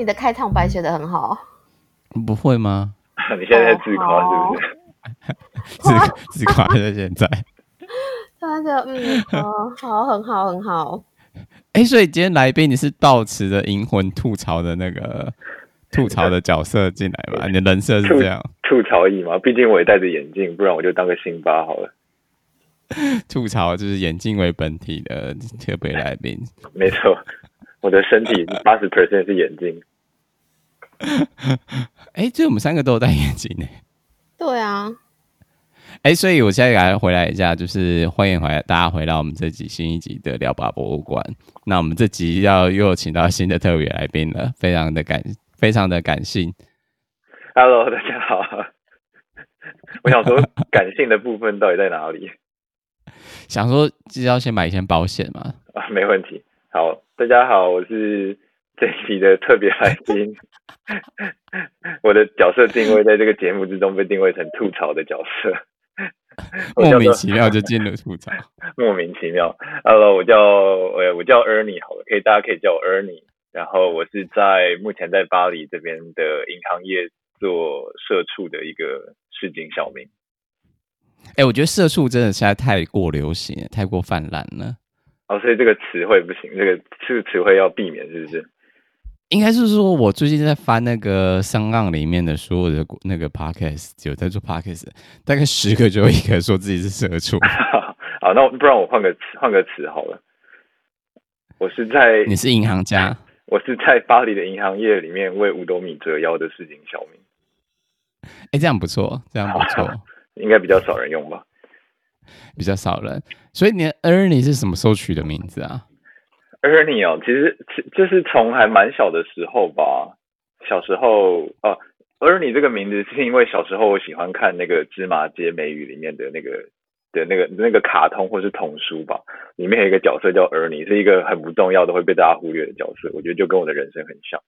你的開場白寫的很好，不會嗎？你現在，在自誇是不是？自自誇現在。他的 嗯，好， 好，很好，很好。哎、欸，所以今天來賓你是倒持的銀魂吐槽的那個吐槽的角色進來嗎？ 你的人設是這樣？吐，吐槽役嗎？畢竟我也戴着眼鏡，不然我就當個新八好了。吐槽就是眼鏡為本體的特別來賓， 沒錯，我的身體八十 percent 是眼鏡。哎，這、 欸、我們三個都有戴眼鏡呢、欸。對啊，哎、欸，所以我現在來回來一下，就是歡迎回來，大家回到我們這集新一集的《聊吧博物館》。那我們這集要又有請到新的特別來賓了，非常的感，非常的感性。Hello，大家好。 我想說，感性的部分到底在哪裡？ 想說是要先買一些保險嗎？啊，沒問題。好，大家好，我是。這期你的特別來賓，我的角色定位在這個節目之中被定位成吐槽的角色，莫名其妙就進了吐槽。叫 莫名其妙，Hello，我叫呃，我叫 Ernie，好了，可以，大家可以叫我 Ernie。然後我是在目前在巴黎這邊的銀行業做社畜的一個市井小民。哎、欸，我覺得社畜真的實在太過流行，太過氾濫了。哦，所以這個詞彙不行，這個是詞彙要避免，是不是？應該是說，我最近在翻那個商浪裡面的書，所有的那個 podcast，有在做 podcast，大概十個就有一個說自己是社畜。 好，那不然我換個換個詞好了。我是在你是銀行家，我是在巴黎的銀行業裡面為五斗米折腰的市井小民。哎、欸，這樣不錯，這樣不錯， 應該比較少人用吧？比較少人。所以你的 Ernie 是什麼時候取的名字啊？Ernie 哦，其實就是從還蠻小的時候吧，小時候哦、啊，Ernie 這個名字是因為小時候我喜歡看那個《芝麻街美語》裡面的那個的那個那個卡通或是童書吧，裡面有一個角色叫 Ernie，是一個很不重要的會被大家忽略的角色。我覺得就跟我的人生很像，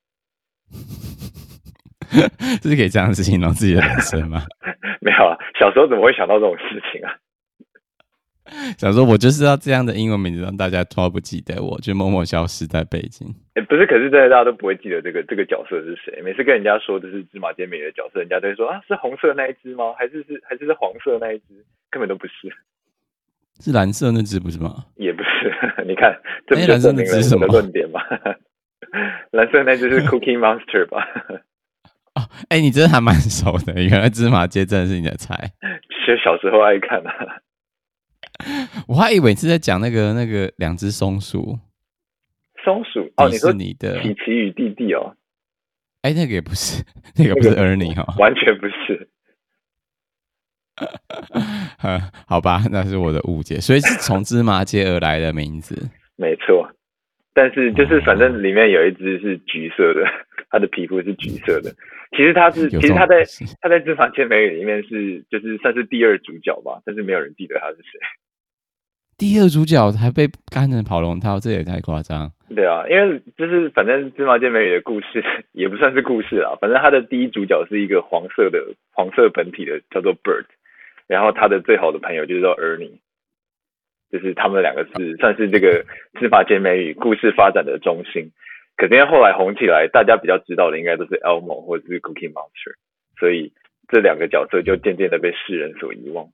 這是可以這樣子形容自己的人生嗎？ 沒有啊，小時候怎麼會想到這種事情啊？想說，我就是要這樣的英文名字，讓大家都不記得我，就默默消失在北京。哎、欸，不是，可是真的大家都不會記得這個這個角色是誰。每次跟人家說的是芝麻街美的角色，人家都會說啊，是紅色那一隻嗎？還是是還是是黃色那一隻？根本都不是，是藍色那隻不是嗎？也不是呵呵，你看，這藍色那隻是什麼論點嗎、欸？藍色那隻是，是 Cookie Monster 吧？啊，哎，你真的還蠻熟的，原來芝麻街真的是你的菜。其實小時候愛看、啊我還以為是在講那個那個兩隻松鼠，松鼠哦，你說你的皮奇與弟弟哦，哎、欸，那個也不是，那個不是 Ernie 哈、哦，完全不是、 嗯。好吧，那是我的誤解，所以是從芝麻街而來的名字， 沒錯。但是就是反正裡面有一隻是橘色的，它的皮膚是橘色的。其實它是，其實它在它在芝麻街美語裡面是就是算是第二主角吧，但是沒有人記得他是誰。第二主角還被幹成跑龍套，這也太誇張。對啊，因為就是反正《芝麻街美語》的故事也不算是故事啊。反正他的第一主角是一個黃色的黃色本體的，叫做 Bert，然後他的最好的朋友就是叫 Ernie，就是他們兩個是 算是這個《芝麻街美語》故事發展的中心。可是後來紅起來，大家比較知道的應該都是 Elmo 或者是 Cookie Monster，所以這兩個角色就漸漸的被世人所遺忘。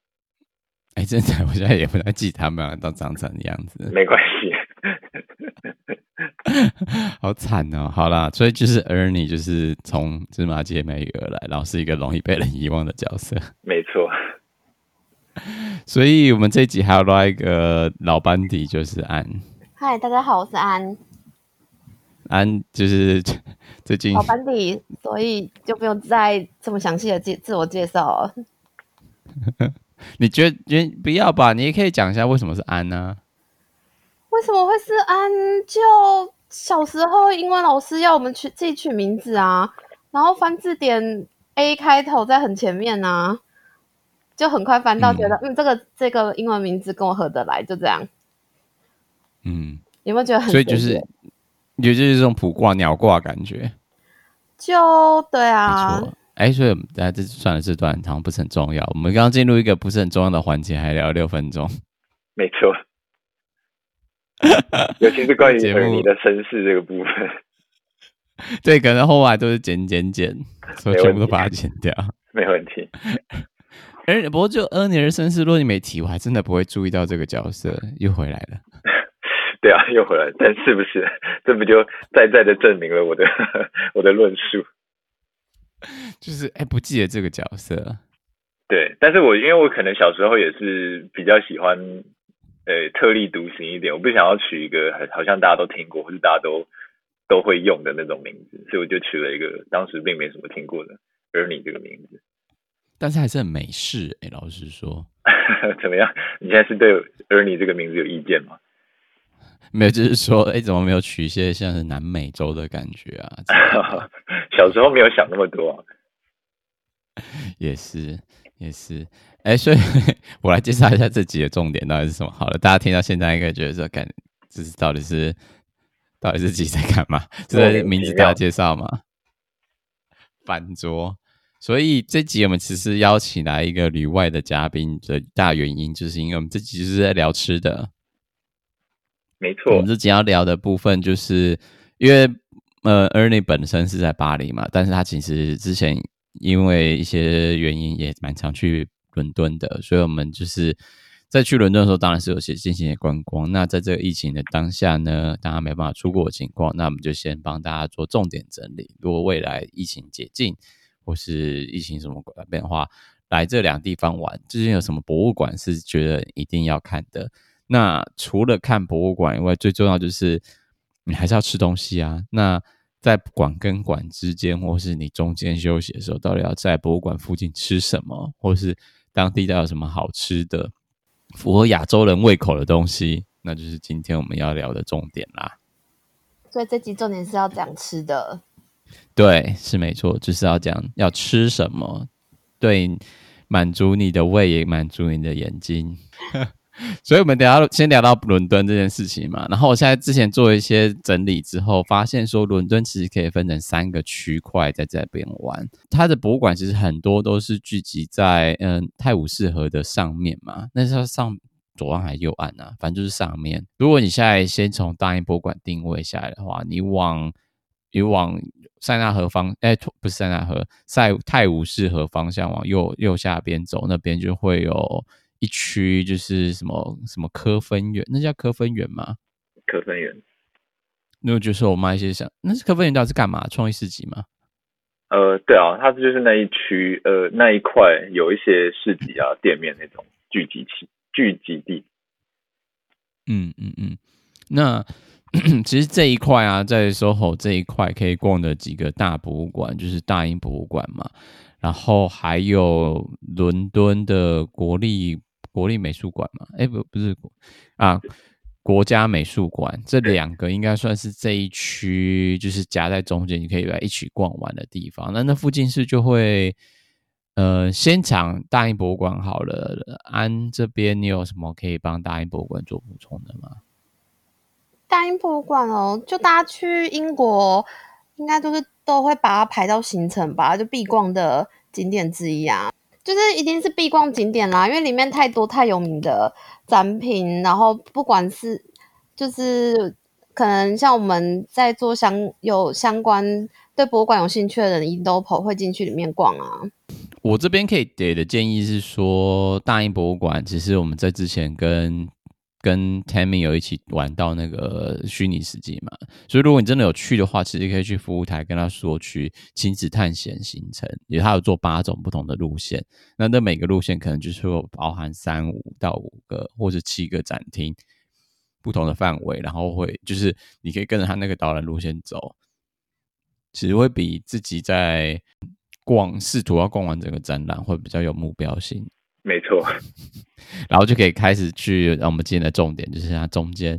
哎、欸，真的，我現在也不太記得他們到、啊、長成的樣子。沒關係， 好慘哦。好啦，所以就是 Ernie，就是從芝麻街美語而來，然後是一個容易被人遺忘的角色。沒錯錯。所以我們這一集還有另外一個老班底，就是安。嗨，大家好，我是安。安就是最近老班底，所以就不用再這麼詳細的介自我介紹了。 你覺得覺不要吧，你也可以講一下為什麼是安呢？啊，為什麼會是安？就小時候英文老師要我們去自己取名字啊，然後翻字典，A 開頭在很前面吶，啊，就很快翻到，覺得嗯，嗯，這個這個英文名字跟我合得來，就這樣。嗯，有沒有覺得很？所以就是你覺得就是這種卜卦鳥卦感覺，就對啊。哎，所以大家這算了是斷，是段好像不是很重要。我們剛，剛進入一個不是很重要的環節，還聊六分鐘，沒錯。 尤其是關於恩尼的身世這個部分，對，可能後來都是剪剪剪，所以全部都把它剪掉。沒問題。問題不過就恩尼的身世，如果你沒提，我還真的不會注意到這個角色又回來了。對啊，又回來了，但是不是？這不就再再的證明了我的我的論述？就是哎，不記得這個角色。對，但是我因為我可能小時候也是比較喜歡，哎，特立獨行一點。我不想要取一個好像大家都聽過或者大家都都會用的那種名字，所以我就取了一個當時並沒什麼聽過的 Ernie 這個名字。但是還是很美式哎，老實說， 怎麼樣？你現在是對 Ernie 這個名字有意見嗎？沒有，就是說，哎，怎麼沒有取一些像是南美洲的感覺啊？ 小時候沒有想那麼多。啊，也是，也是，哎、欸，所以呵呵我來介紹一下這集的重點到底是什麼？好了，大家聽到現在應該覺得說，幹這是到底是，到底是自己在幹嘛？就是名字大家介紹嘛，反桌。所以這集我們其實邀請來一個旅外的嘉賓，最大原因，就是因為我們這集就是在聊吃的。沒錯錯，我們這集要聊的部分，就是因為。呃，Ernie 本身是在巴黎嘛，但是他其實之前因為一些原因也蠻常去倫敦的，所以我們就是在去倫敦的時候，當然是有些進行的觀光。那在這個疫情的當下呢，大家沒辦法出國的情況，那我們就先幫大家做重點整理。如果未來疫情解禁或是疫情什麼變化，來這兩地方玩，最近有什麼博物館是覺得一定要看的？那除了看博物館以外，最重要就是。你還是要吃東西啊！那在館跟館之間，或是你中間休息的時候，到底要在博物館附近吃什麼，或是當地都有什麼好吃的、符合亞洲人胃口的東西？那就是今天我們要聊的重點啦。所以這集重點是要講吃的。對，是沒錯，就是要講要吃什麼，對，滿足你的胃也滿足你的眼睛。 所以，我們等下先聊到倫敦這件事情嘛。然後，我現在之前做一些整理之後，發現說倫敦其實可以分成三個區塊在這邊玩。它的博物館其實很多都是聚集在嗯、呃、泰晤士河的上面嘛。那是它上左岸還是右岸啊？反正就是上面。如果你現在先從大英博物館定位下來的話，你往你往塞納河方，哎，不是塞納河，塞泰晤士河方向往右右下邊走，那邊就會有。一區就是什麼什麼科芬園，那叫科芬園嗎？科芬園，那就是我就說，我買一些想，那是科芬園到底是幹嘛？創意市集嗎？呃，對啊，它就是那一區，呃，那一塊有一些市集啊，嗯、店面那種聚集起聚集地。嗯嗯嗯，那咳咳其實這一塊啊，在 SOHO 這一塊可以逛的幾個大博物館，就是大英博物館嘛，然後還有倫敦的國立。國立美術館嗎？哎、欸、不不是國啊，國家美術館，這兩個應該算是這一區，就是夾在中間，你可以來一起逛完的地方。那那附近是就會，呃，先講大英博物館好了。安這邊你有什麼可以幫大英博物館做補充的嗎？大英博物館哦，就大家去英國，應該都是都會把它排到行程吧，就必逛的景點之一啊。就是一定是必逛景點啦，因為裡面太多太有名的展品，然後不管是就是可能像我們在做相有相關對博物館有興趣的人，一定都跑會進去裡面逛啊。我這邊可以給的建議是說，大英博物館其實我們在之前跟。跟 Tammy 有一起玩到那個虛擬世界嘛，所以如果你真的有去的話，其實可以去服務台跟他說去親子探險行程，因為他有做八種不同的路線，那那每個路線可能就是說包含三五到五個或者七個展廳不同的範圍，然後會就是你可以跟着他那個導覽路線走，其實會比自己在逛，試圖要逛完整個展覽會比較有目標性。沒錯， 然後就可以開始去，啊。我們今天的重點就是它中間，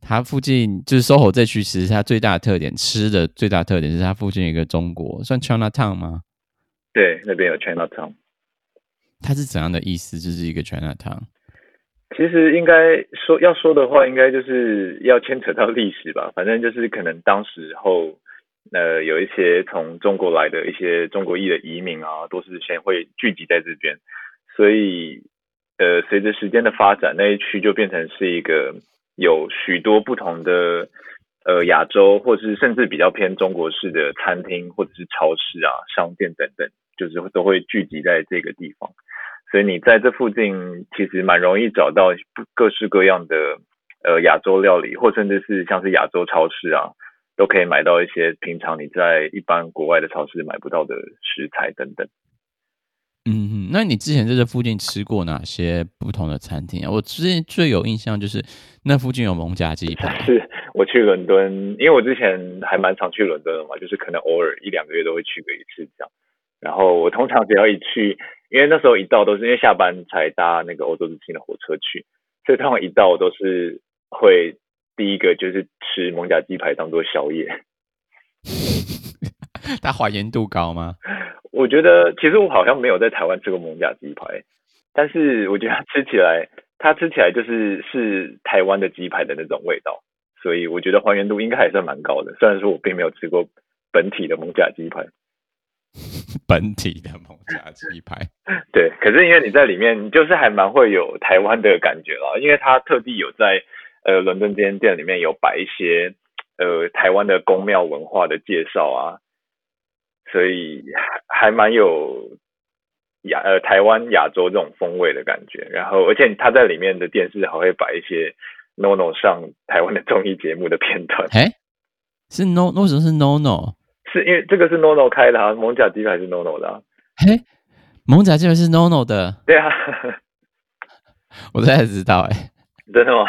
它附近就是 SOHO 這區，其實是它最大的特點，吃的最大特點是它附近有一個中國，算 Chinatown 嗎？對，那邊有 Chinatown。它是怎樣的意思？就是一個 Chinatown。其實應該說要說的話，應該就是要牽扯到歷史吧。反正就是可能當時候，呃，有一些從中國來的一些中國裔的移民啊，都是先會聚集在這邊。所以，呃，隨着時間的發展，那一區就變成是一個有許多不同的，呃，亞洲或是甚至比較偏中國式的餐廳或者是超市啊、商店等等，就是都會聚集在這個地方。所以你在這附近其實蠻容易找到各式各樣的，呃，亞洲料理或甚至是像是亞洲超市啊，都可以買到一些平常你在一般國外的超市買不到的食材等等。嗯，那你之前在這附近吃過哪些不同的餐廳啊？我之前最有印象就是那附近有蒙家雞排。是，我去倫敦，因為我之前還蠻常去倫敦的嘛，就是可能偶爾一兩個月都會去個一次這樣。然後我通常只要一去，因為那時候一到都是因為下班才搭那個歐洲之星的火車去，所以通常一到都是會第一個就是吃蒙家雞排當做宵夜。它還原度高嗎？我覺得其實我好像沒有在台灣吃過蒙甲雞排，但是我覺得它吃起來，它吃起來就是是台灣的雞排的那種味道，所以我覺得還原度應該還算蠻高的。雖然說我並沒有吃過本體的蒙甲雞排，本體的蒙甲雞排， 對，可是因為你在裡面，你就是還蠻會有台灣的感覺啦，因為它特地有在呃倫敦這間店裡面有擺一些呃台灣的宮廟文化的介紹啊。所以還還蠻有亞呃台灣亞洲這種風味的感覺，然後而且他在裡面的電視還會擺一些 NONO 上台灣的綜藝節目的片段。哎、欸，是 NONO？為什麼是 NONO？是因為這個是 NONO 開的啊？蒙甲機還是 NONO 的、啊？嘿、欸，蒙甲機台是 NONO 的？對啊， 我才知道哎、欸，真的嗎？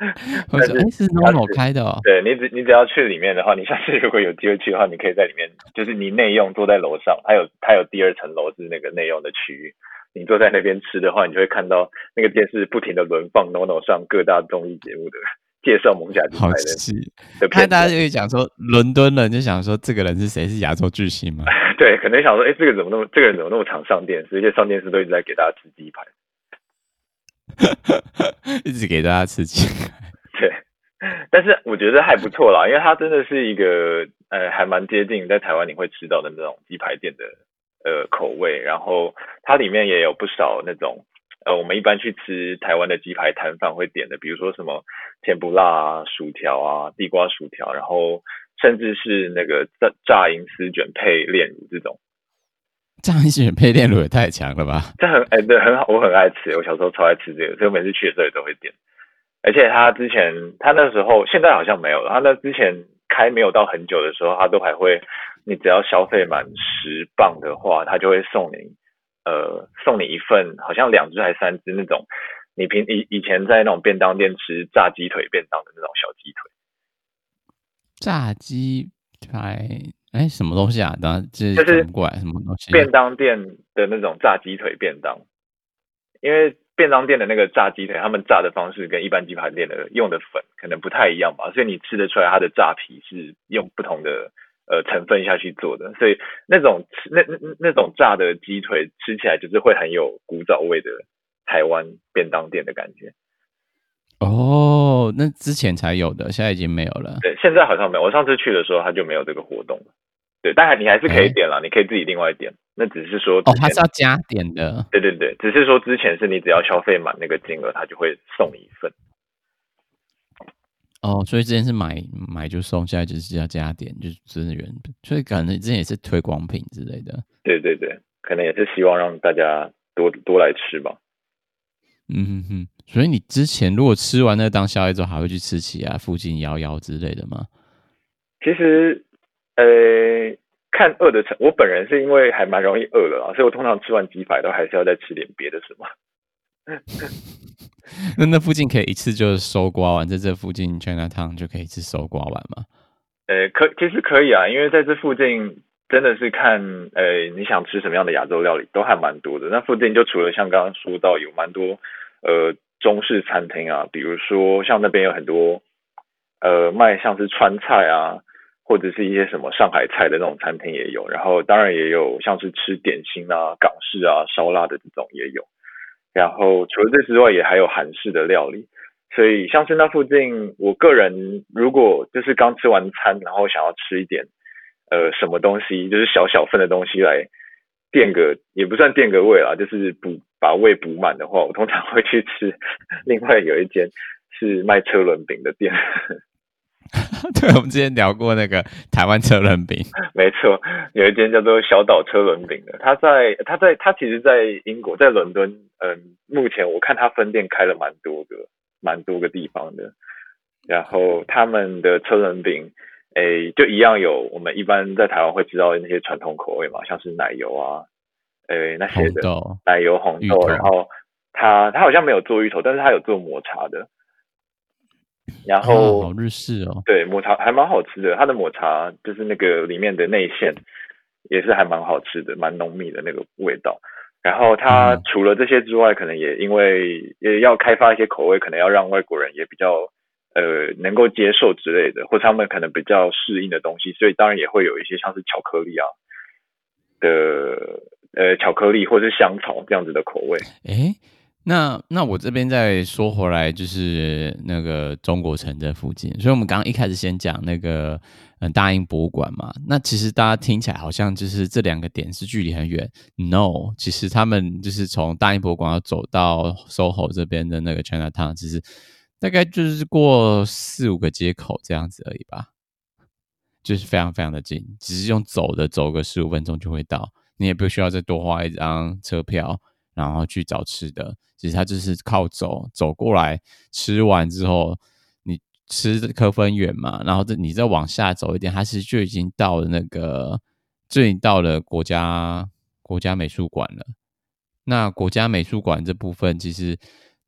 但是，是 NO NO 開的哦。對，你只你只要去裡面的話，你下次如果有機會去的話，你可以在裡面，就是你內用坐在樓上，還有還有第二層樓是那個內用的區域，你坐在那邊吃的話，你就會看到那個電視不停的輪放 NO NO 上各大綜藝節目的介紹。我們講好氣，看大家就會講說，倫敦人就想說，這個人是誰？是亞洲巨星嗎？對，可能想說，哎、欸，這個怎麼那麼，這個人怎麼那麼常上電視？而且上電視都一直在給大家吃雞排。 一直給大家吃雞， 對，但是我覺得還不錯啦，因為它真的是一個呃，還蠻接近在台灣你會吃到的那種雞排店的呃口味，然後它裡面也有不少那種呃，我們一般去吃台灣的雞排攤販會點的，比如說什麼甜不辣啊、薯條啊、地瓜薯條，然後甚至是那個炸炸銀絲卷配煉乳這種。炸雞捲配煉乳也太強了吧！這很哎、欸，對，很好，我很愛吃。我小時候超愛吃這個，所以我每次去的時候也都會點。而且他之前，他那時候現在好像沒有了他那之前開沒有到很久的時候他都還會你只要消費滿十鎊的話他就會送你呃送你一份好像兩只還三只那種你平以以前在那種便當店吃炸雞腿便當的那種小雞腿炸雞腿。哎，什麼東西啊？等下，這,這是什麼鬼？什麼東西？便當店的那種炸雞腿便當，因為便當店的那個炸雞腿，他們炸的方式跟一般雞排店的用的粉可能不太一樣吧，所以你吃得出來它的炸皮是用不同的呃成分下去做的，所以那種吃，那那那種炸的雞腿吃起來就是會很有古早味的台灣便當店的感覺。哦，那之前才有的，現在已經沒有了。對，現在好像沒有。我上次去的時候，他就沒有這個活動了。對，但你還是可以點啦，欸、你可以自己另外點。那只是說，哦，他是要加點的。對對對，只是說之前是你只要消費滿那個金額，他就會送一份。哦，所以之前是買買就送，現在就是要加點，就真的原本。所以可能之前也是推廣品之類的。對對對，可能也是希望讓大家多多來吃吧。嗯哼哼，所以你之前如果吃完那當宵夜之後，還會去吃其他，啊，附近幺幺之類的嗎？其實，呃，看餓的程度，我本人是因為還蠻容易餓的啊，所以我通常吃完雞排都還是要再吃點別的什麼。那那附近可以一次就搜刮完，在這附近 China Town 就可以一次搜刮完嗎？呃，可其實可以啊，因為在這附近。真的是看誒、欸，你想吃什麼樣的亞洲料理都還蠻多的。那附近就除了像剛剛說到有蠻多呃中式餐廳啊，比如說像那邊有很多呃賣像是川菜啊，或者是一些什麼上海菜的那種餐廳也有。然後當然也有像是吃點心啊、港式啊、燒臘的這種也有。然後除了這之外，也還有韓式的料理。所以像是那附近，我個人如果就是剛吃完餐，然後想要吃一點。呃，什麼東西就是小小份的東西來墊個，也不算墊個胃啦，就是補把胃補滿的話，我通常會去吃 另外有一間是賣車輪餅的店。對，我們之前聊過那個台灣車輪餅。嗯，沒錯，有一間叫做小島車輪餅的，他在他在他其實，在英國在倫敦，嗯、呃，目前我看他分店開了蠻多個，蠻多個地方的，然後他們的車輪餅。誒，就一樣有，我們一般在台灣會知道的那些傳統口味嘛，像是奶油啊，誒那些的紅豆奶油紅豆，芋頭，然後它它好像沒有做芋頭，但是它有做抹茶的。然後、哦、好日式哦，對，抹茶還蠻好吃的。它的抹茶就是那個裡面的內餡也是還蠻好吃的，蠻濃密的那個味道。然後它除了這些之外，嗯、可能也因為也要開發一些口味，可能要讓外國人也比較。呃，能夠接受之類的，或者他們可能比較適應的東西，所以當然也會有一些像是巧克力啊的，呃，巧克力或者是香草這樣子的口味。哎、欸，那那我這邊再說回來，就是那個中國城的附近，所以我們剛剛一開始先講那個、嗯、大英博物館嘛，那其實大家聽起來好像就是這兩個點是距離很遠。No，其實他們就是從大英博物館要走到 SOHO 這邊的那個 China Town，其實大概就是過四五個街口這樣子而已吧，就是非常非常的近，只是用走的走個十五分鐘就會到，你也不需要再多花一張車票，然後去找吃的。其實它就是靠走走，走過來，吃完之後，你吃科芬園嘛，然後這你再往下走一點，它其實就已經到了那個，就已經到了國家國家美術館了。那國家美術館這部分其實。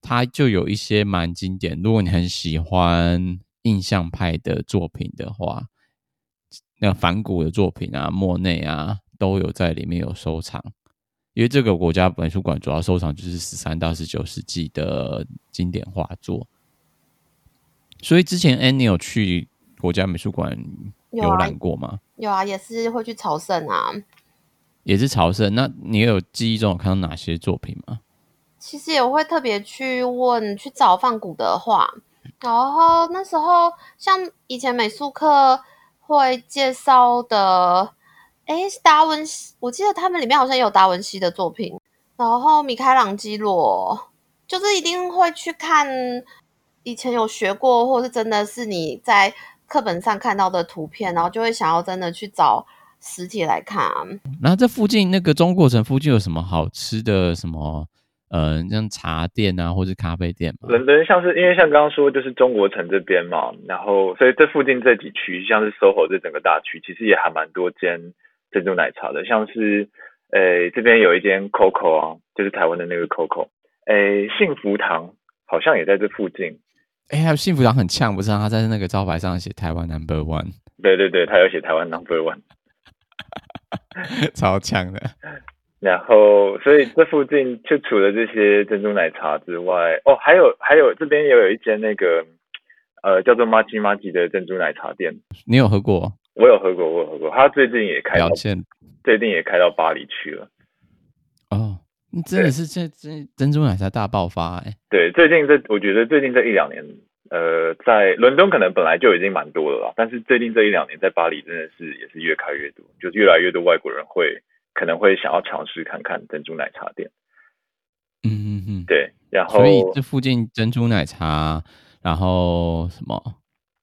他就有一些蠻經典，如果你很喜歡印象派的作品的話，那梵谷的作品啊，莫內啊，都有在裡面有收藏。因為這個國家美術館主要收藏就是十三到十九世紀的經典畫作，所以之前 Ernie、欸，你有去國家美術館、啊、遊覽過嗎？有啊，也是會去朝聖啊，也是朝聖。那你有記憶中有看到哪些作品嗎？其實也會特別去問去找梵谷的畫，然後那時候像以前美術課會介紹的誒，是達文西，我記得他們裡面好像有達文西的作品，然後米開朗基羅，就是一定會去看以前有學過，或是真的是你在課本上看到的圖片，然後就會想要真的去找實體來看。然後這附近那個中國城附近有什麼好吃的？什麼？嗯、呃，像茶店啊，或是咖啡店嘛，能能像是因為像剛剛說就是中國城這邊嘛，然後所以這附近這幾區像是 SOHO 這整個大區，其實也還蠻多間珍珠奶茶的，像是哎、欸，這邊有一間 COCO 啊，就是台灣的那個 COCO，哎、欸，幸福堂好像也在這附近，哎、欸，還有幸福堂很嗆，不是，他在那個招牌上寫台灣 number one，對對對，他有寫台灣 number one，超嗆的。 然後，所以這附近就除了這些珍珠奶茶之外，哦，還有還有這邊也有一間那個呃叫做麥吉麥吉的珍珠奶茶店，你有喝過？我有喝過，我有喝過。他最近也開到最近也開到巴黎去了。哦，真的是這這珍對珠奶茶大爆發，哎，對，最近這我覺得最近這一兩年，呃，在倫敦可能本來就已經蠻多的了，但是最近這一兩年在巴黎真的是也是越開越多，就是越來越多外國人會。可能會想要嘗試看看珍珠奶茶店，嗯嗯嗯，對，然後所以這附近珍珠奶茶，然後什麼？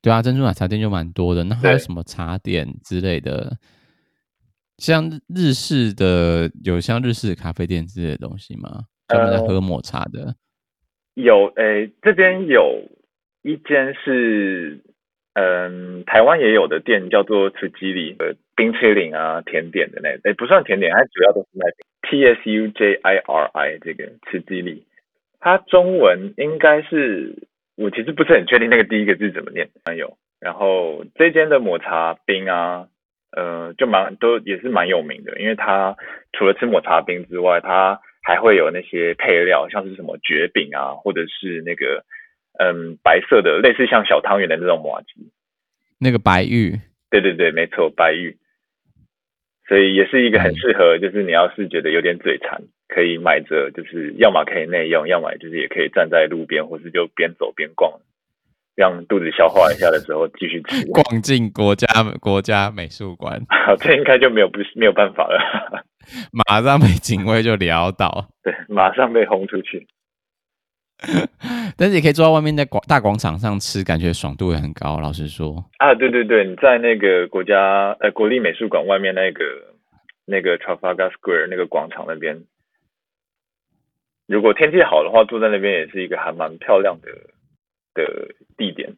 對啊，珍珠奶茶店就蠻多的。那還有什麼茶點之類的？對像日式的有像日式的咖啡店之類的東西嗎？專門在喝抹茶的？呃、有誒、欸，這邊有一間是。嗯、呃，台灣也有的店叫做吃雞里，呃，冰淇淋啊，甜點的那，誒、欸，不算甜點，它主要都是賣。tsujiri 這個吃雞里，它中文應該是，我其實不是很確定那個第一個字怎麼念。還有，然後這間的抹茶冰啊，呃，就蠻都也是蠻有名的，因為它除了吃抹茶冰之外，它還會有那些配料，像是什麼蕨餅啊，或者是那個。嗯，白色的類似像小湯圓的那種麻糬，那個白玉，對對對，沒錯，白玉，所以也是一個很適合，對就是你要是覺得有點嘴饞，可以買着，就是要麼可以內用，要麼就是也可以站在路邊，或是就邊走邊逛，讓肚子消化一下的時候繼續吃。逛進國家國家美術館，好，這應該就沒有不沒有辦法了， 馬上被警衛就撂倒，對，馬上被轟出去。 但是也可以坐在外面，在廣大廣場上吃，感覺爽度也很高。老實說啊，對對對，你在那個國家呃國立美術館外面那個那個 Trafalgar Square 那個廣場那邊，如果天氣好的話，坐在那邊也是一個還蠻漂亮的的地點。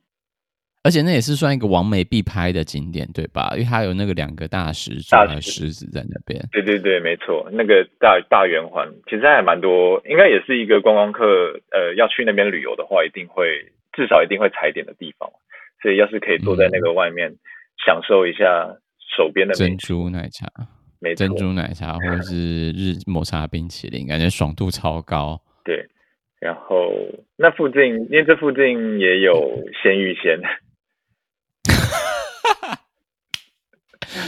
而且那也是算一個網美必拍的景點，對吧？因為它有那個兩個大，大石，大獅子在那邊。對對對，沒錯，那個大大圓環其實還蠻多，應該也是一個觀光客呃要去那邊旅遊的話，一定會至少一定會踩點的地方。所以要是可以坐在那個外面，嗯、享受一下手邊的珍珠奶茶，沒錯，珍珠奶茶或者是日抹茶冰淇淋， 感覺爽度超高。對，然後那附近，因為這附近也有鮮芋仙。嗯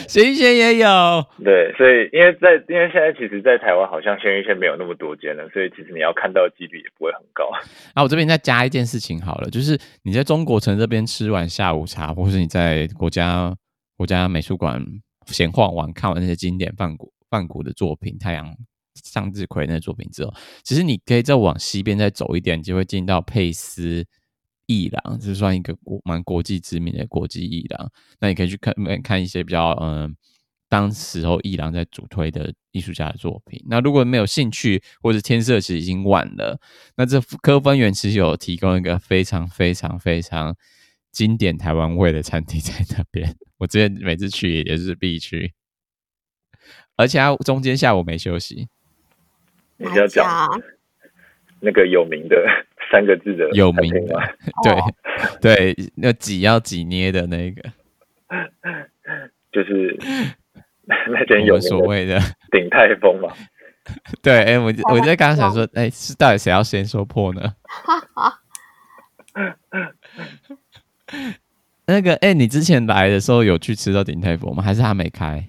鮮芋仙也有，對，所以因為在因為現在其實，在台灣好像鮮芋仙沒有那麼多間了，所以其實你要看到的幾率也不會很高。啊，我這邊再加一件事情好了，就是你在中國城這邊吃完下午茶，或是你在國家國家美術館閒晃完，看完那些經典梵谷梵谷的作品，太陽向日葵那些作品之後，其實你可以再往西邊再走一點，你就會進到佩斯。藝廊，這算一個蠻國際知名的國際藝廊。那你可以去看看一些比較嗯，當時候藝廊在主推的藝術家的作品。那如果沒有興趣或者天色其實已經晚了，那這科芬園其實有提供一個非常非常非常經典台灣味的餐廳在那邊。我之前每次去也就是必去，而且他中間下午沒休息。想你要講那個有名的。三個字的有名的，oh. 對，對，那擠要擠捏的那個， 就是那天有所謂的鼎泰豐嘛。 對，哎、欸，我我在剛剛想說，哎、欸，是到底誰要先說破呢？ 那個，哎、欸，你之前來的時候有去吃到鼎泰豐嗎？還是他沒開？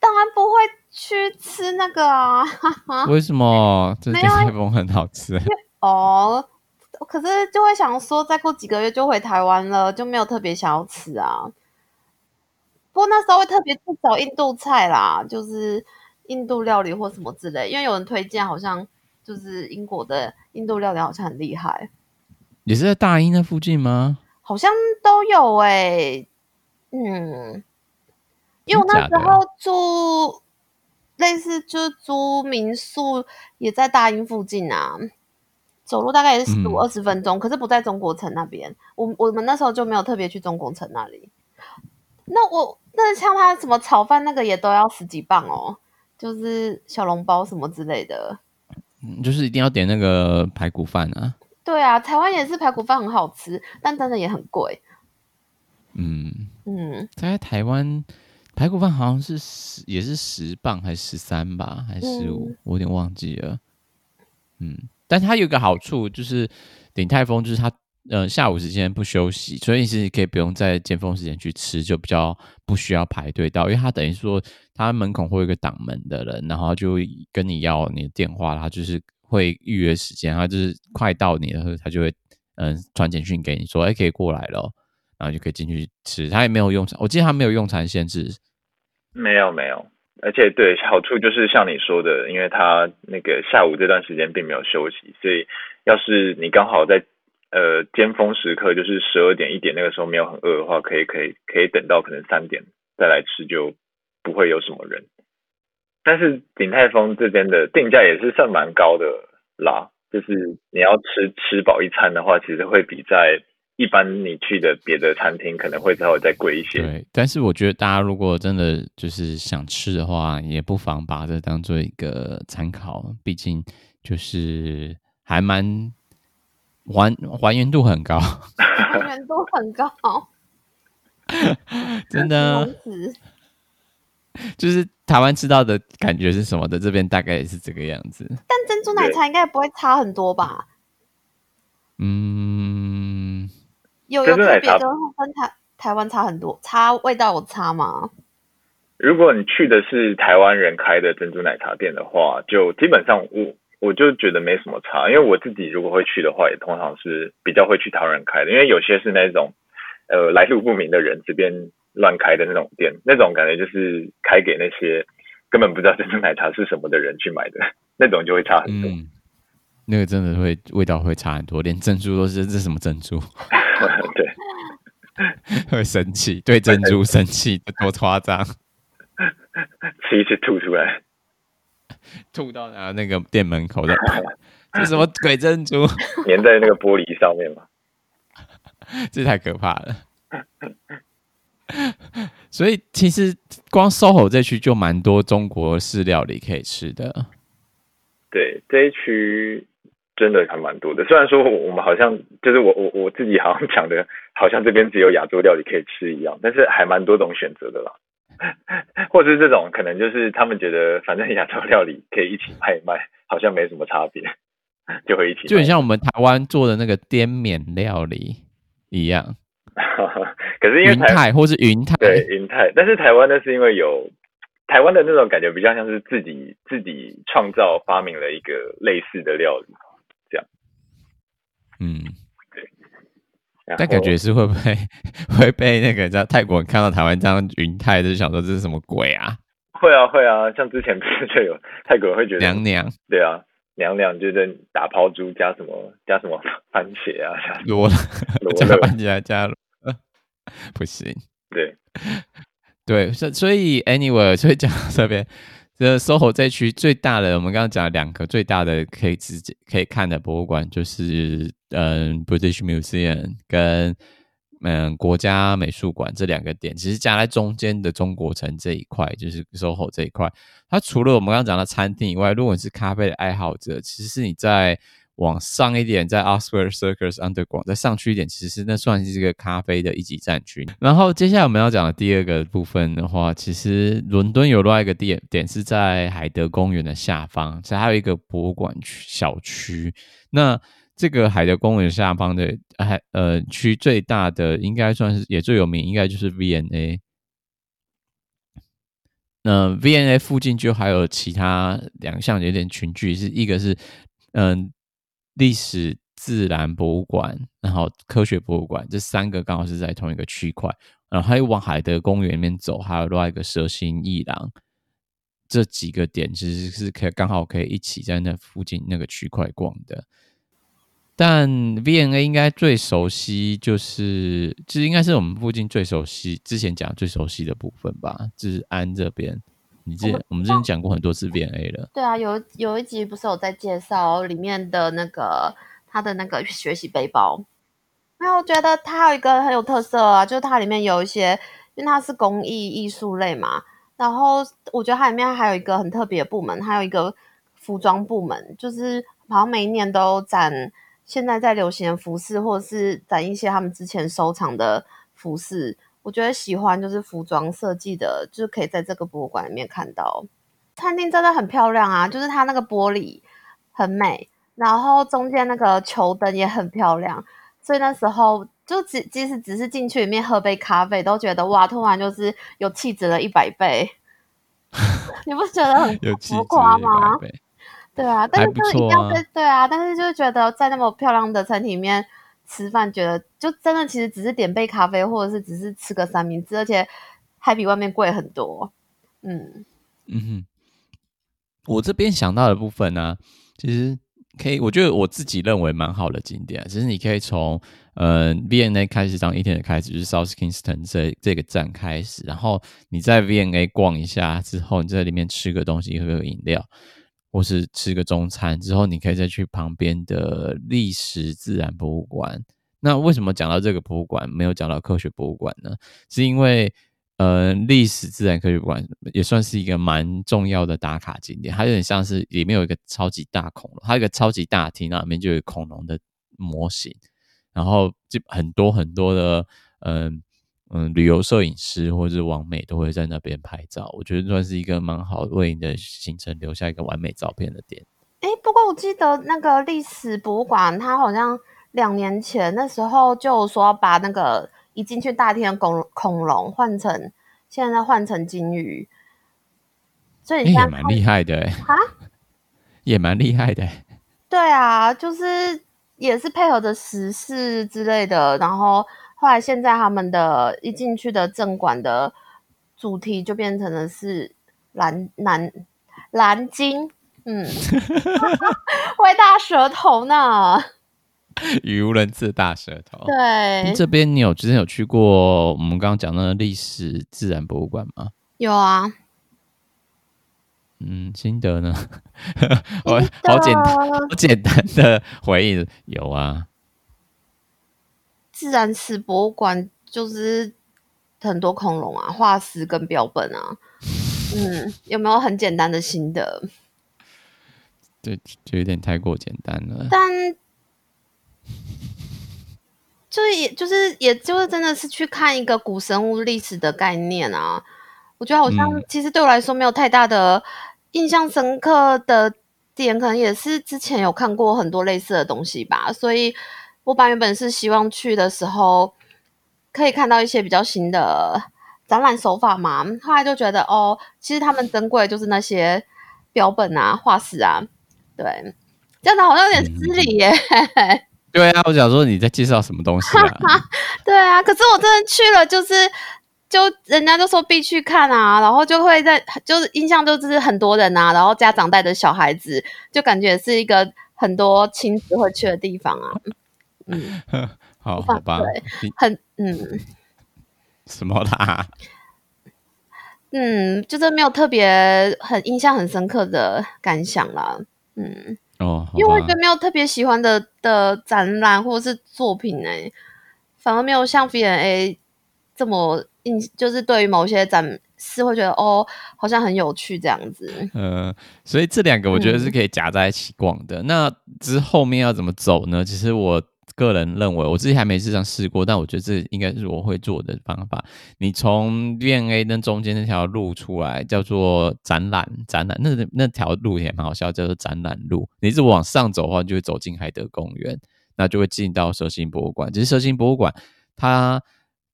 當然不會去吃那個啊。 為什麼？這鼎泰豐很好吃哦。Oh. 可是就會想說，再過幾個月就回台灣了，就沒有特別想要吃啊。不過那時候會特別去找印度菜啦，就是印度料理或什麼之類，因為有人推薦，好像就是英國的印度料理好像很厲害。你是在大英那附近嗎？好像都有誒、欸，嗯，因為我那時候住、啊、類似就是住民宿，也在大英附近啊。走路大概也是十五二十分鐘，嗯，可是不在中國城那邊。我我們那時候就沒有特別去中國城那裡。那我那像他什麼炒飯那個也都要十幾磅哦，就是小籠包什麼之類的。就是一定要點那個排骨飯啊。對啊，台灣也是排骨飯很好吃，但真的也很貴。嗯嗯，嗯，在台灣排骨飯好像是十，也是十磅還是十三吧，還是15，嗯、我有點忘記了。嗯。但它有個好處就是鼎泰豐，就是它，嗯，下午時間不休息，所以是你可以不用在尖峰時間去吃，就比較不需要排隊到，因為它等於說，它門口會有一個擋門的人，然後就跟你要你的電話，它就是會預約時間，他就是快到你的時候他就會嗯，傳簡訊給你說，欸可以過來了，然後就可以進去吃，它也沒有用餐，我記得它沒有用餐限制，沒有沒有。沒有而且對，好處就是像你說的，因為他那個下午這段時間並沒有休息，所以要是你剛好在呃尖峰時刻，就是十二點一點那個時候沒有很餓的話，可以可以可以等到可能三點再來吃，就不會有什麼人。但是鼎泰豐這邊的定價也是算蠻高的啦，就是你要吃吃飽一餐的話，其實會比在一般你去的別的餐廳可能會稍微再貴一些，對。但是我覺得大家如果真的就是想吃的話，也不妨把這當做一個參考，畢竟就是還蠻還還原度很高，還原度很高，真的，子就是台灣吃到的感覺是什麼的，這邊大概也是這個樣子。但珍珠奶茶應該不會差很多吧？對嗯。珍珠奶茶跟台台灣差很多，差，味道有差嗎？如果你去的是台灣人開的珍珠奶茶店的話，就基本上我我就覺得沒什麼差，因為我自己如果會去的話，也通常是比較會去台灣人開的，因為有些是那種呃來路不明的人這邊亂開的那種店，那種感覺就是開給那些根本不知道珍珠奶茶是什麼的人去買的，那種就會差很多。嗯，那個真的會味道會差很多，連珍珠都是，這是什麼珍珠？對，會生氣，對珍珠生氣， 多誇張！吃一次吐出來，吐到然後那個店門口的， 是什麼鬼珍珠粘在那個玻璃上面嘛？這 太可怕了。所以其實光 SOHO 這區就蠻多中國式料理可以吃的。對，這一區。真的還蠻多的，雖然說我們好像就是我我我自己好像講的，好像這邊只有亞洲料理可以吃一樣，但是還蠻多種選擇的啦。或者是這種可能就是他們覺得，反正亞洲料理可以一起賣賣，好像沒什麼差別，就會一起買一買。就像我們台灣做的那個滇緬料理一樣， 可是因為雲泰或是雲泰，對雲泰，但是台灣的是因為有台灣的那種感覺，比較像是自己自己創造發明了一個類似的料理。嗯，對，但感覺是會不會會被那個在泰國人看到台灣這樣雲泰，就想說這是什麼鬼啊？會啊，會啊，像之前不是就有泰國人會覺得娘娘，對啊，娘娘就在打拋豬加什麼加什麼番茄啊，加多了，了加番茄，啊、加了不行，對對，所所以 anyway，所以講到這邊。The so 這 SOHO 這一區最大的，我們剛剛講兩個最大的可以直接可以看的博物館，就是嗯 British Museum 跟嗯國家美術館這兩個點。其實夾在中間的中國城這一塊，就是 SOHO 這一塊。它除了我們剛剛講的餐廳以外，如果你是咖啡的愛好者，其實是你在。往上一點，在 Oxford Circus Underground 再上去一點，其實那算是一個咖啡的一級戰區。然後接下來我們要講的第二個部分的話，其實倫敦有另外一個點點是在海德公園的下方，其實還有一個博物館區小區。那這個海德公園下方的呃區最大的應該算是也最有名，應該就是 V N A。那 V N A 附近就還有其他兩項有點群聚，是一個是嗯。呃歷史自然博物館，然後科學博物館，這三個剛好是在同一個區塊。然後還有往海德公園裡面走，還有另外一個蛇形藝廊，這幾個點其實是可以剛好可以一起在那附近那個區塊逛的。但 V&A N 應該最熟悉、就是，就是這應該是我們附近最熟悉，之前講最熟悉的部分吧，就是安這邊。你之前我們，我們之前講過很多次 V&A 了。對啊，有有一集不是有在介紹裡面的那個他的那個學習背包？那我覺得它有一個很有特色啊，就是它裡面有一些，因為它是工藝藝術類嘛，然後我覺得它裡面還有一個很特別的部門，還有一個服裝部門，就是好像每一年都展，現在在流行的服飾，或者是展一些他們之前收藏的服飾。我覺得喜歡就是服裝設計的，就是可以在這個博物館裡面看到。餐廳真的很漂亮啊，就是它那個玻璃很美，然後中間那個球燈也很漂亮，所以那時候就即即使只是進去裡面喝杯咖啡，都覺得哇，突然就是有氣質了一百倍。 你不是覺得很浮誇嗎？對啊，但是就是一定要啊對啊，但是就是覺得在那麼漂亮的餐廳裡面。吃飯覺得就真的其實只是點杯咖啡，或者是只是吃個三明治，而且還比外面貴很多。嗯嗯哼，我這邊想到的部分呢、啊，其實可以，我覺得我自己認為蠻好的景點、啊，其實你可以從呃 V N A 開始，當一天的開始，就是 South Kensington 這這個站開始，然後你在 V N A 逛一下之後，你在裡面吃個東西喝個飲料。或是吃個中餐之後，你可以再去旁邊的歷史自然博物館。那為什麼講到這個博物館，沒有講到科學博物館呢？是因為，呃，歷史自然科學館也算是一個蠻重要的打卡景點，它有點像是裡面有一個超級大恐龍，它有一個超級大廳，那裡面就有恐龍的模型，然後就很多很多的，嗯、呃。嗯，旅遊攝影師或者網美都會在那邊拍照，我覺得算是一個蠻好為你的行程留下一個完美照片的點。哎、欸，不過我記得那個歷史博物館，它好像兩年前那時候就說把那個一進去大廳的恐恐龍換成現在換成金魚，所以你、欸、也蠻厲害的、欸、蛤也蠻厲害的、欸。對啊，就是也是配合着時事之類的，然後。快！後來現在他們的一進去的鎮館的主題就變成的是藍藍藍鯨，嗯，會 大舌頭呢，語無倫次大舌頭。對，這邊你有之前有去過我們剛剛講到的歷史自然博物館嗎？有啊。嗯，心得呢？我 好，好簡單，好簡單的回應。有啊。自然史博物館就是很多恐龍啊，化石跟標本啊，嗯，有沒有很簡單的心得？對，就有點太過簡單了。但就，就是，也就是，也就是，真的是去看一個古生物歷史的概念啊。我覺得好像、嗯、其實對我來說沒有太大的印象深刻的點，可能也是之前有看過很多類似的東西吧，所以。我本來原本是希望去的時候可以看到一些比較新的展覽手法嘛，後來就覺得哦，其實他們珍貴就是那些標本啊、化石啊，對，這樣子好像有點失禮耶、嗯。對啊，我想說你在介紹什麼東西啊？ 對啊，可是我真的去了，就是就人家都說必去看啊，然後就會在就是印象就是很多人啊，然後家長帶着小孩子，就感覺是一個很多親子會去的地方啊。嗯，好，好吧，很嗯，什麼啦？嗯，就是沒有特別很印象很深刻的感想啦。嗯哦，因為我覺得沒有特別喜歡的的展覽或者是作品呢。欸，反而沒有像 V&A 這麼印，就是對於某些展示會覺得哦，好像很有趣這樣子。嗯、呃，所以這兩個我覺得是可以夾在一起逛的。嗯、那之後面要怎麼走呢？其實我。個人認為，我自己還沒這樣試過，但我覺得這應該是我會做的方法。你從 DNA 那中間那條路出來，叫做展覽，展覽，那那條路也蠻好笑，叫做展覽路。你一直往上走的話，你就會走進海德公園，那就會進到蛇形博物館。其實蛇形博物館它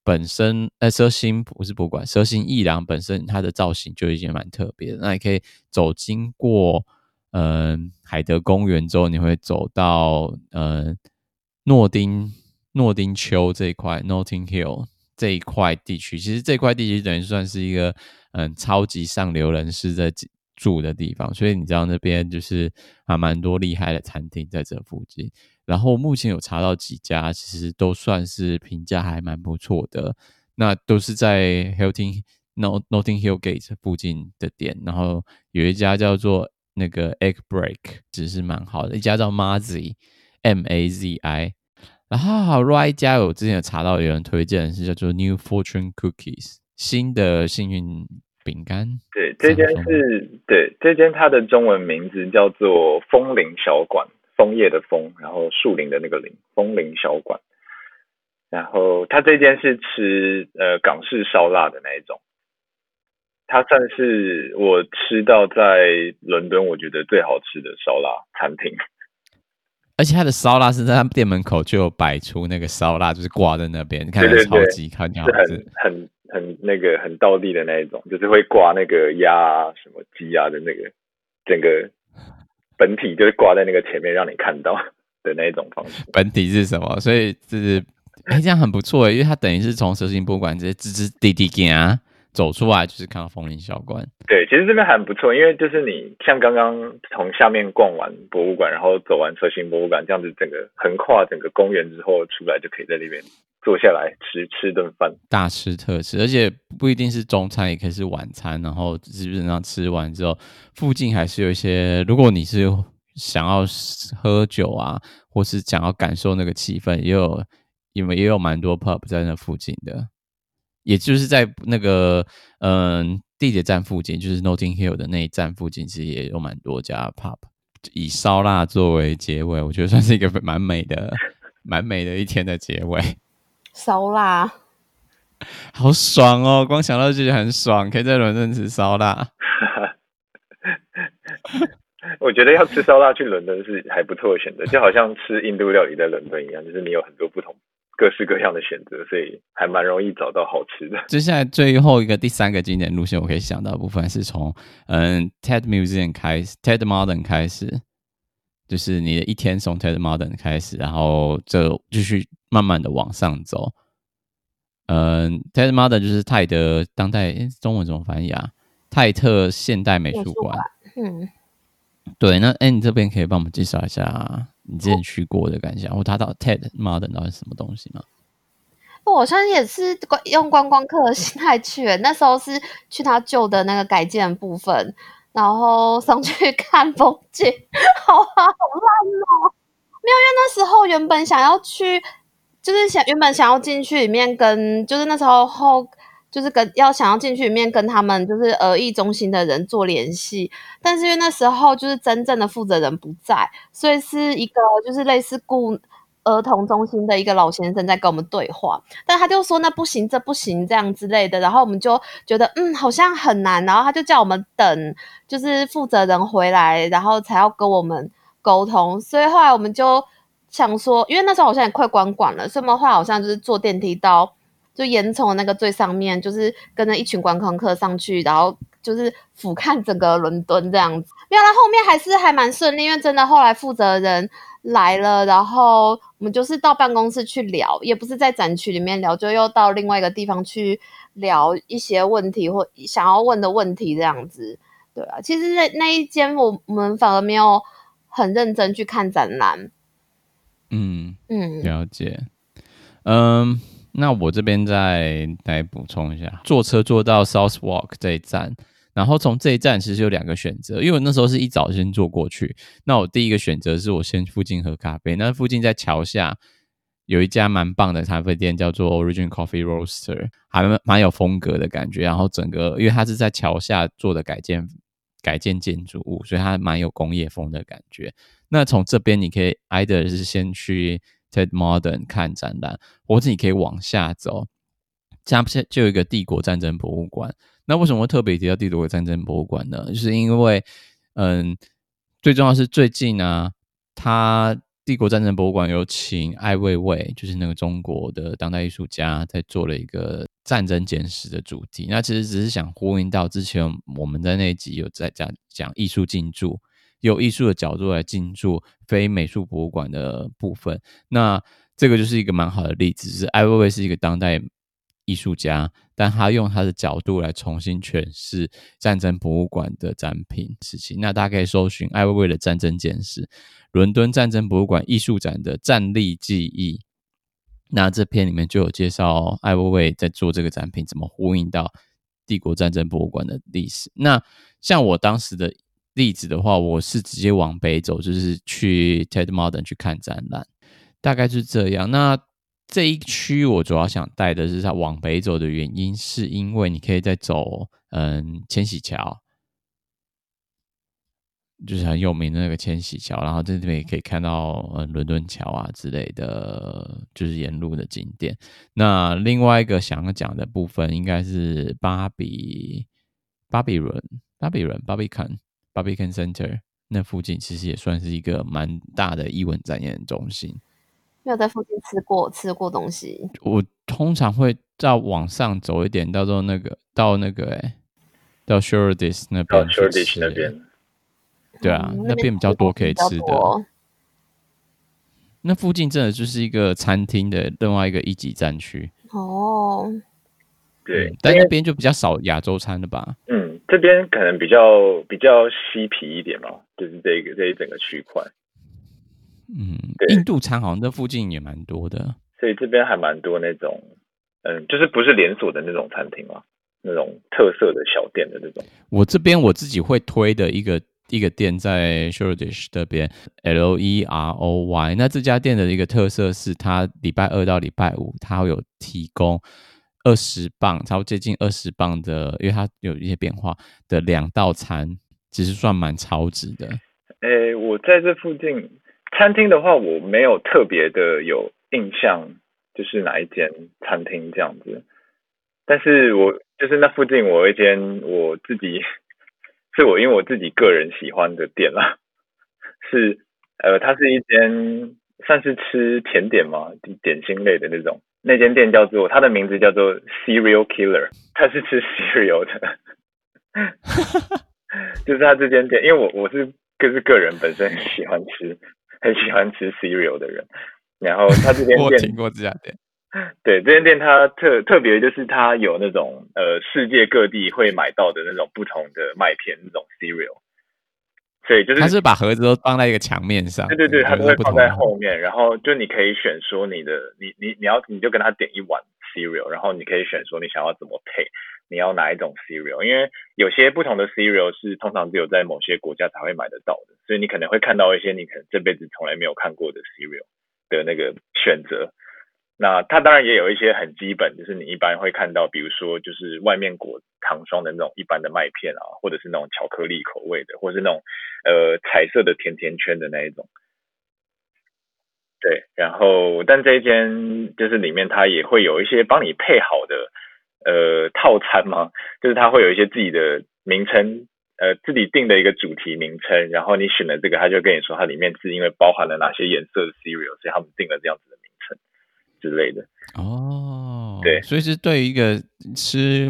本身，呃，蛇形不是博物館，蛇形藝廊本身它的造型就已經蠻特別。那你可以走經過，嗯、呃，海德公園之後，你會走到嗯。呃諾丁諾丁丘這一塊，Notting Hill 這一塊地區，其實這塊地區等於算是一個嗯超級上流人士在住的地方，所以你知道那邊就是還蠻多厲害的餐廳在這附近。然後目前有查到幾家，其實都算是評價還蠻不錯的。那都是在 Notting Notting Hill Gate 附近的店，然後有一家叫做那個 Egg Break，其實是蠻好的，一家叫 Mazi M A Z I。然後，Right 家我之前有查到有人推薦是叫做 New Fortune Cookies 新的幸運餅乾。對，松這間是，對，這間它的中文名字叫做楓林小館，楓葉的楓，然後樹林的那個林，楓林小館。然後它這間是吃呃港式燒臘的那一種，它算是我吃到在倫敦我覺得最好吃的燒臘餐廳。而且他的燒臘是在他店門口就擺出那個燒臘，就是掛在那邊，你看起超級看起來很很，很，很，很那個很道地的那一種，就是會掛那個鴨、啊、什麼雞鴨、啊、的那個整個本體就是掛在那個前面讓你看到的那種方式。本體是什麼？所以就是哎，這樣很不錯哎，因為他等於是從蛇形博物館直接滋滋滴滴進啊。走出來就是看到楓林小館，對，其實這邊還很不錯，因為就是你像剛剛從下面逛完博物館，然後走完車行博物館，這樣子整個橫跨整個公園之後出來，就可以在那邊坐下來吃吃頓飯，大吃特吃，而且不一定是中餐，也可以是晚餐。然後基本上吃完之後，附近還是有一些，如果你是想要喝酒啊，或是想要感受那個氣氛，也有因為也有蠻多 pub 在那附近的。也就是在那個嗯、呃、地鐵站附近，就是 Notting Hill 的那一站附近，其實也有蠻多家 pub，以燒臘作為結尾，我覺得算是一個蠻美的、蠻美的一天的結尾。燒臘辣，好爽哦！光想到自己很爽，可以在倫敦吃燒臘。 我覺得要吃燒臘去倫敦是還不錯的選擇，就好像吃印度料理在倫敦一樣，就是你有很多不同。各式各樣的選擇，所以還蠻容易找到好吃的。接下來最後一個第三個經典路線，我可以想到的部分是從嗯，Tate Museum 開始，Tate Modern 開始，就是你的一天從 Tate Modern 開始，然後就繼續慢慢的往上走。嗯，Tate Modern 就是泰德當代，欸、中文怎麼翻譯啊？泰特現代美術館。嗯。對，那 Ernie、欸、你這邊可以幫我們介紹一下。你之前去過的感想，我後、哦、他到 Tate Modern 到底是什麼東西嗎？我好像也是用觀光客的心態去，那時候是去他舊的那個改建部分，然後上去看風景，好吧，好爛哦、喔。沒有，因為那時候原本想要去，就是想原本想要進去裡面跟，就是那時候後。就是跟要想要進去裡面跟他們就是兒童中心的人做聯繫，但是因為那時候就是真正的負責人不在，所以是一個就是類似顧兒童中心的一個老先生在跟我們對話，但他就說那不行，這不行這樣之類的，然後我們就覺得嗯好像很難，然後他就叫我們等，就是負責人回來，然後才要跟我們溝通，所以後來我們就想說，因為那時候好像也快關館了，所以我們後來好像就是坐電梯到。就沿從那個最上面，就是跟着一群觀光客上去，然後就是俯瞰整個倫敦這樣子。沒有了，後面還是還蠻順利，因為真的後來負責人來了，然後我們就是到辦公室去聊，也不是在展區裡面聊，就又到另外一個地方去聊一些問題或想要問的問題這樣子。對啊，其實那那一間我們反而沒有很認真去看展覽。嗯嗯，嗯了解。嗯、um。那我這邊再再補充一下，坐車坐到 Southwark 這一站，然後從這一站其實有兩個選擇，因為我那時候是一早先坐過去。那我第一個選擇是我先附近喝咖啡，那附近在橋下有一家蠻棒的咖啡店，叫做 Origin Coffee Roaster，還蠻有風格的感覺。然後整個因為它是在橋下做的改建改建建築物，所以它蠻有工業風的感覺。那從這邊你可以 either 是先去。Modern 看展覽，或者你可以往下走，下面就有一個帝國戰爭博物館。那為什麼我特別提到帝國戰爭博物館呢？就是因為，嗯，最重要是最近啊，他帝國戰爭博物館有請艾未未，就是那個中國的當代藝術家，在做了一個戰爭簡史的主題。那其實只是想呼應到之前我們在那集有在講講藝術進駐。有藝術的角度來進駐非美術博物館的部分，那這個就是一個蠻好的例子。是艾未未是一個當代藝術家，但他用他的角度來重新詮釋戰爭博物館的展品事情。那大家可以搜尋艾未未的戰爭簡史、倫敦戰爭博物館藝術展的戰力記憶。那這篇裡面就有介紹艾未未在做這個展品，怎麼呼應到帝國戰爭博物館的歷史。那像我當時的。例子的話，我是直接往北走，就是去 Tate Modern 去看展覽，大概是這樣。那這一區我主要想帶的是它往北走的原因，是因為你可以再走嗯，千禧橋，就是很有名的那個千禧橋，然後這邊也可以看到嗯，倫敦橋啊之類的，就是沿路的景點。那另外一個想要講的部分應該，應該是巴比巴比倫、巴比倫、巴比肯。Barbican Centre 那附近其實也算是一個蠻大的藝文展演中心。沒有在附近吃過吃過東西？我通常會再往上走一點，到時候那個到那個到，那個、欸、到那 Shoreditch 那邊。Shoreditch 那邊。對啊、嗯，那邊比較多可以吃的。那附近真的就是一個餐廳的另外一個一級戰區。哦。對。但那邊就比較少亞洲餐了吧。嗯這邊可能比較比較嬉皮一點嘛，就是這一個這一整個區塊。嗯，對印度餐好像這附近也蠻多的，所以這邊還蠻多那種，嗯，就是不是連鎖的那種餐廳嘛，那種特色的小店的那種。我這邊我自己會推的一個一個店在 Shoreditch 這邊，L E R O Y。那這家店的一個特色是，它禮拜二到禮拜五它會有提供。二十磅，超接近二十磅的，因為它有一些變化的兩道餐，其實算蠻超值的。誒、欸，我在這附近餐廳的話，我沒有特別的有印象，就是哪一間餐廳這樣子。但是我就是那附近我一間我，我自己，是我因為我自己個人喜歡的店啦，是呃，它是一間算是吃甜點嘛，就點心類的那種。那間店叫做，它的名字叫做 Cereal Killer，它是吃 Cereal 的， 就是它這間店，因為我我是就是個人本身很喜歡吃很喜歡吃 Cereal 的人，然後它這間店，我經 過這家店，對，這家店它特特別就是它有那種呃世界各地會買到的那種不同的麥片那種 Cereal。對，就是他是把盒子都放在一個牆面上，對對對，就就他都會放在後面，然後就你可以選說你的，你你你要你就跟他點一碗 cereal，然後你可以選說你想要怎麼配，你要哪一種 cereal，因為有些不同的 cereal 是通常只有在某些國家才會買得到的，所以你可能會看到一些你可能這輩子從來沒有看過的 cereal 的那個選擇。那它當然也有一些很基本，就是你一般會看到，比如說就是外面裹糖霜的那種一般的麥片啊，或者是那種巧克力口味的，或是那種呃彩色的甜甜圈的那一種。對，然後但這一間就是裡面它也會有一些幫你配好的呃套餐嗎？就是它會有一些自己的名稱，呃自己定的一個主題名稱，然後你選了這個，他就跟你說它裡面是因為包含了哪些顏色的 cereal，所以他們定了這樣子的。之類的哦，對，所以是對於一個吃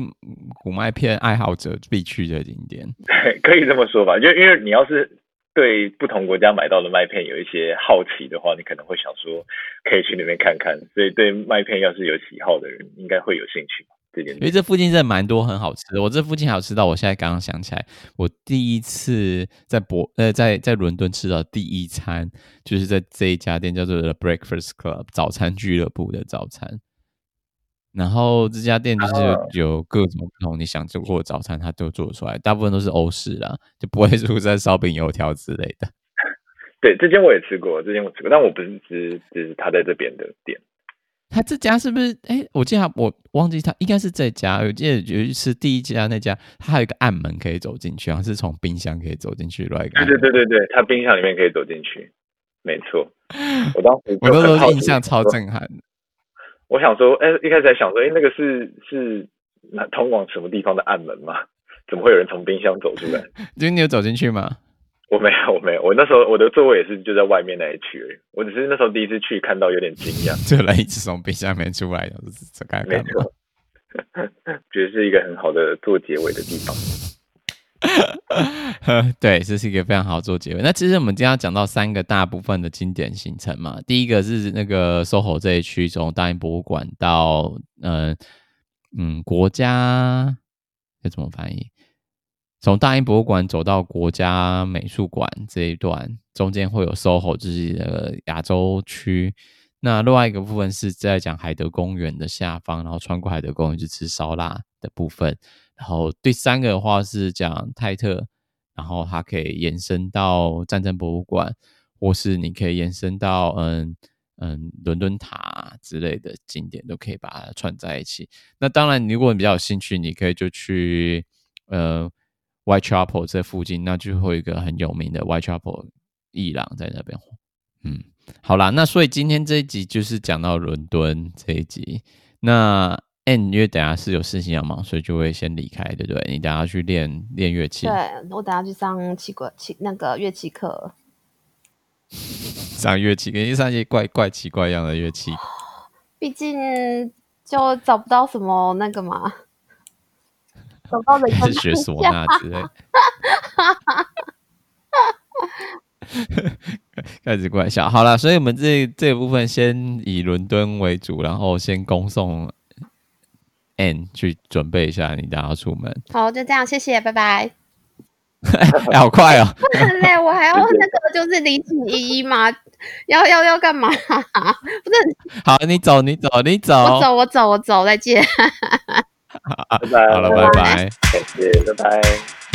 穀麥片愛好者必去的景點，對，可以這麼說吧。就因為你要是對不同國家買到的麥片有一些好奇的話，你可能會想說可以去那邊看看。所以對麥片要是有喜好的人，應該會有興趣。因為這附近真的蠻多很好吃的，我這附近好吃到我現在剛剛想起來，我第一次在博呃在在倫敦吃到第一餐就是在這一家店叫做 The Breakfast Club 早餐俱樂部的早餐。然後這家店就是有各種不同你想吃過的早餐，它都做出來，大部分都是歐式啦，就不會出現燒餅油條之類的。對，這間我也吃過，這間我吃過，但我不是吃，只是他在這邊的店。他這家是不是？哎、欸，我記得我忘記他應該是這家。我記得有一次第一家那家，他還有一個暗門可以走進去，好像是從冰箱可以走進去。對、like, 對對對對，他冰箱裡面可以走進去，沒錯。我當時，我那時候印象超震撼我。我想說，哎、欸，一開始在想說，哎、欸，那個是是那通往什麼地方的暗門嗎？怎麼會有人從冰箱走出來？因為 你有走進去嗎？我沒有，我沒有，我那時候我的座位也是就在外面那一區而已，我只是那時候第一次去看到有點驚訝，就來 一直從冰箱裡面出來，是看的沒錯，覺得是一個很好的做結尾的地方。 對，這是一個非常好做結尾。那其實我們今天要講到三個大部分的經典行程嘛，第一個是那個 SOHO 這一區，從大英博物館到、呃、嗯嗯國家，該怎麼翻譯？從大英博物館走到國家美術館這一段，中間會有 SOHO 自己的亞洲區。那另外一個部分是在講海德公園的下方，然後穿過海德公園去吃燒臘的部分。然後第三個的話是講泰特，然後它可以延伸到戰爭博物館，或是你可以延伸到嗯嗯倫敦塔之類的景點，都可以把它串在一起。那當然，如果你比較有興趣，你可以就去呃。Whitechapel 這附近，那就會有一個很有名的 Whitechapel 藝廊在那邊。嗯，好啦，那所以今天這一集就是講到倫敦這一集。那 N、欸，因為等下是有事情要忙，所以就會先離開，對不對？你等下去練練樂器，對，我等下去上奇怪奇那個樂器課， 上樂器，給你上一些怪怪奇怪樣的樂器。畢竟就找不到什麼那個嘛。是學嗩吶之類， 開始怪笑。好了，所以我們這這部分先以倫敦為主，然後先恭送 Anne 去準備一下，你等他出門。好，就這樣，謝謝，拜拜。 欸、好快哦！很 累、欸，我還要問那個，就是零一一嘛， 要要要幹嘛、啊？不是。好，你走，你走，你走，走。我走，我走，我走。再見。 拜拜，拜拜，拜拜，拜拜，拜拜。